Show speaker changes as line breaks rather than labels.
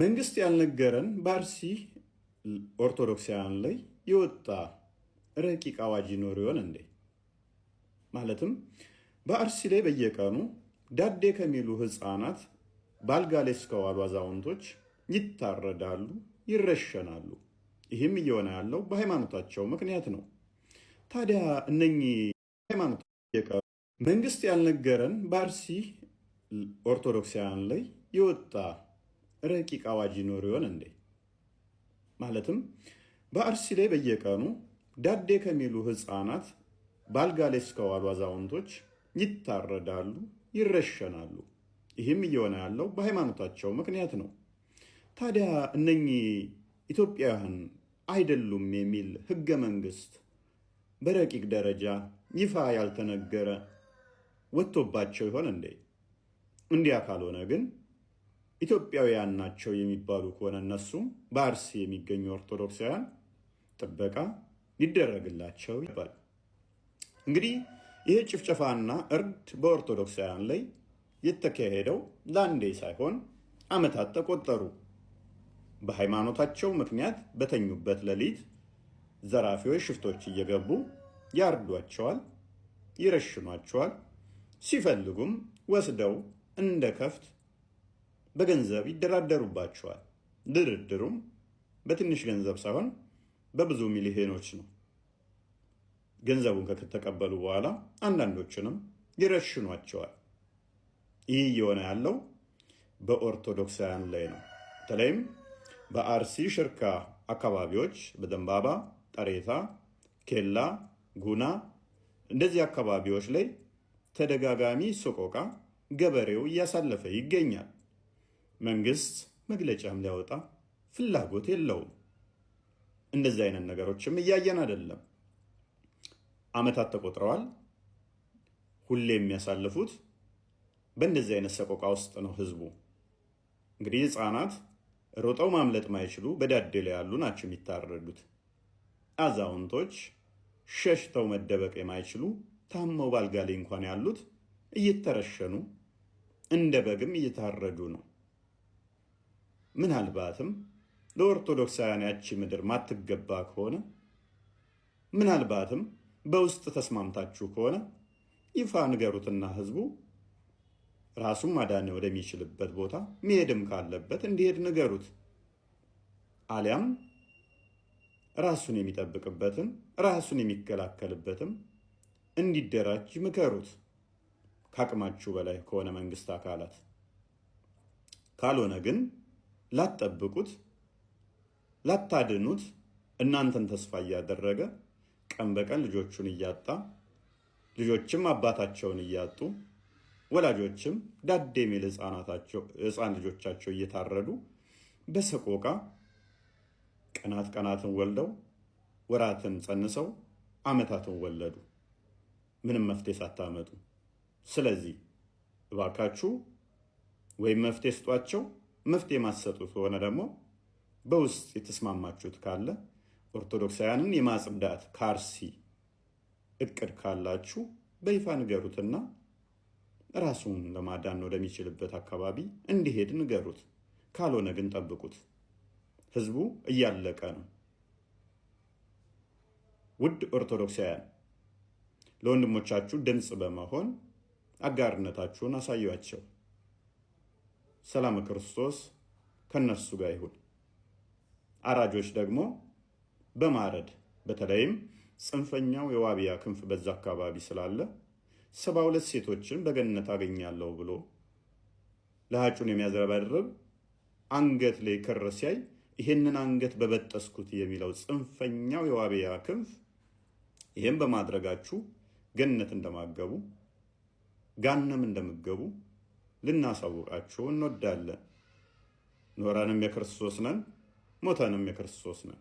መንግስት ያልነገረን በአርሲ ኦርቶዶክሳውያን ላይ የወጣ ረቂቅ አዋጅ ይኖር ይሆን እንዴ? ማለትም በአርሲ ላይ በየቀኑ ዳዴ ከሚሉ ህፃናት በአልጋ ላይ እስከዋሉ አዛውንቶች ይታረዳሉ፣ ይረሸናሉ። ይህም እየሆነ ያለው በሃይማኖታቸው ምክንያት ነው። ታዲያ እነኚህ ሃይማኖት መንግስት ያልነገረን በአርሲ ኦርቶዶክሳውያን ላይ የወጣ ረቂቅ አዋጅ ይኖር ይሆን እንዴ? ማለትም በአርሲ ላይ በየቀኑ ዳዴ ከሚሉ ህፃናት በአልጋ ላይ እስከዋሉ አዛውንቶች ይታረዳሉ፣ ይረሸናሉ። ይህም እየሆነ ያለው በሃይማኖታቸው ምክንያት ነው። ታዲያ እነኚህ ኢትዮጵያውያን አይደሉም የሚል ህገ መንግስት በረቂቅ ደረጃ ይፋ ያልተነገረ ወጥቶባቸው ይሆን እንዴ? እንዲያ ካልሆነ ግን ኢትዮጵያውያን ናቸው የሚባሉ ከሆነ እነሱም በአርሲ የሚገኙ ኦርቶዶክሳውያን ጥበቃ ሊደረግላቸው ይባል። እንግዲህ ይህ ጭፍጨፋና እርድ በኦርቶዶክሳውያን ላይ የተካሄደው ለአንዴ ሳይሆን ዓመታት ተቆጠሩ። በሃይማኖታቸው ምክንያት በተኙበት ሌሊት ዘራፊዎች፣ ሽፍቶች እየገቡ ያርዷቸዋል፣ ይረሽኗቸዋል፣ ሲፈልጉም ወስደው እንደ ከፍት በገንዘብ ይደራደሩባቸዋል። ድርድሩም በትንሽ ገንዘብ ሳይሆን በብዙ ሚሊዮኖች ነው። ገንዘቡን ከተቀበሉ በኋላ አንዳንዶቹንም ይረሽኗቸዋል። ይህ እየሆነ ያለው በኦርቶዶክሳውያን ላይ ነው። በተለይም በአርሲ ሽርካ አካባቢዎች በደንባባ፣ ጠሬታ፣ ኬላ፣ ጉና እንደዚህ አካባቢዎች ላይ ተደጋጋሚ ሰቆቃ ገበሬው እያሳለፈ ይገኛል። መንግስት መግለጫም ሊያወጣ ፍላጎት የለውም። እንደዚህ አይነት ነገሮችም እያየን አይደለም። አመታት ተቆጥረዋል። ሁሌ የሚያሳልፉት በእንደዚህ አይነት ሰቆቃ ውስጥ ነው ህዝቡ። እንግዲህ ህፃናት ሮጠው ማምለጥ ማይችሉ በዳዴ ላይ ያሉ ናቸው የሚታረዱት። አዛውንቶች ሸሽተው መደበቅ የማይችሉ ታመው ባልጋ ላይ እንኳን ያሉት እየተረሸኑ እንደ በግም እየታረዱ ነው። ምናልባትም ለኦርቶዶክሳውያን ያቺ ምድር ማትገባ ከሆነ ምናልባትም በውስጥ ተስማምታችሁ ከሆነ ይፋ ንገሩትና ህዝቡ ራሱን ማዳን ወደሚችልበት ቦታ መሄድም ካለበት እንዲሄድ ንገሩት። አሊያም ራሱን የሚጠብቅበትም ራሱን የሚከላከልበትም እንዲደራጅ ምከሩት። ከአቅማችሁ በላይ ከሆነ መንግስት አካላት ካልሆነ ግን ላትጠብቁት፣ ላታድኑት እናንተን ተስፋ እያደረገ ቀን በቀን ልጆቹን እያጣ ልጆችም አባታቸውን እያጡ ወላጆችም ዳዴ የሚል ሕፃን ልጆቻቸው እየታረዱ በሰቆቃ ቀናት ቀናትን ወልደው ወራትን ጸንሰው ዓመታትን ወለዱ፣ ምንም መፍትሄ ሳታመጡ። ስለዚህ እባካችሁ ወይም መፍትሄ ስጧቸው መፍትሄ የማትሰጡ ከሆነ ደግሞ በውስጥ የተስማማችሁት ካለ ኦርቶዶክሳውያንን የማጽዳት ካርሲ እቅድ ካላችሁ በይፋ ንገሩትና ራሱን ለማዳን ወደሚችልበት አካባቢ እንዲሄድ ንገሩት። ካልሆነ ግን ጠብቁት። ህዝቡ እያለቀ ነው። ውድ ኦርቶዶክሳውያን ለወንድሞቻችሁ ድምፅ በመሆን አጋርነታችሁን አሳዩአቸው። ሰላም ክርስቶስ ከነሱ ጋር ይሁን። አራጆች ደግሞ በማረድ በተለይም ጽንፈኛው የዋቢያ ክንፍ በዛ አካባቢ ስላለ ሰባ ሁለት ሴቶችን በገነት አገኛለሁ ብሎ ለሀጩን የሚያዝረበርብ አንገት ላይ ክር ሲያይ ይህንን አንገት በበጠስኩት የሚለው ጽንፈኛው የዋቢያ ክንፍ ይህም በማድረጋችሁ ገነት እንደማገቡ ጋነም እንደምገቡ ልናሳውቃችሁ እንወዳለን። ኖረንም የክርስቶስ ነን፣ ሞተንም የክርስቶስ ነን።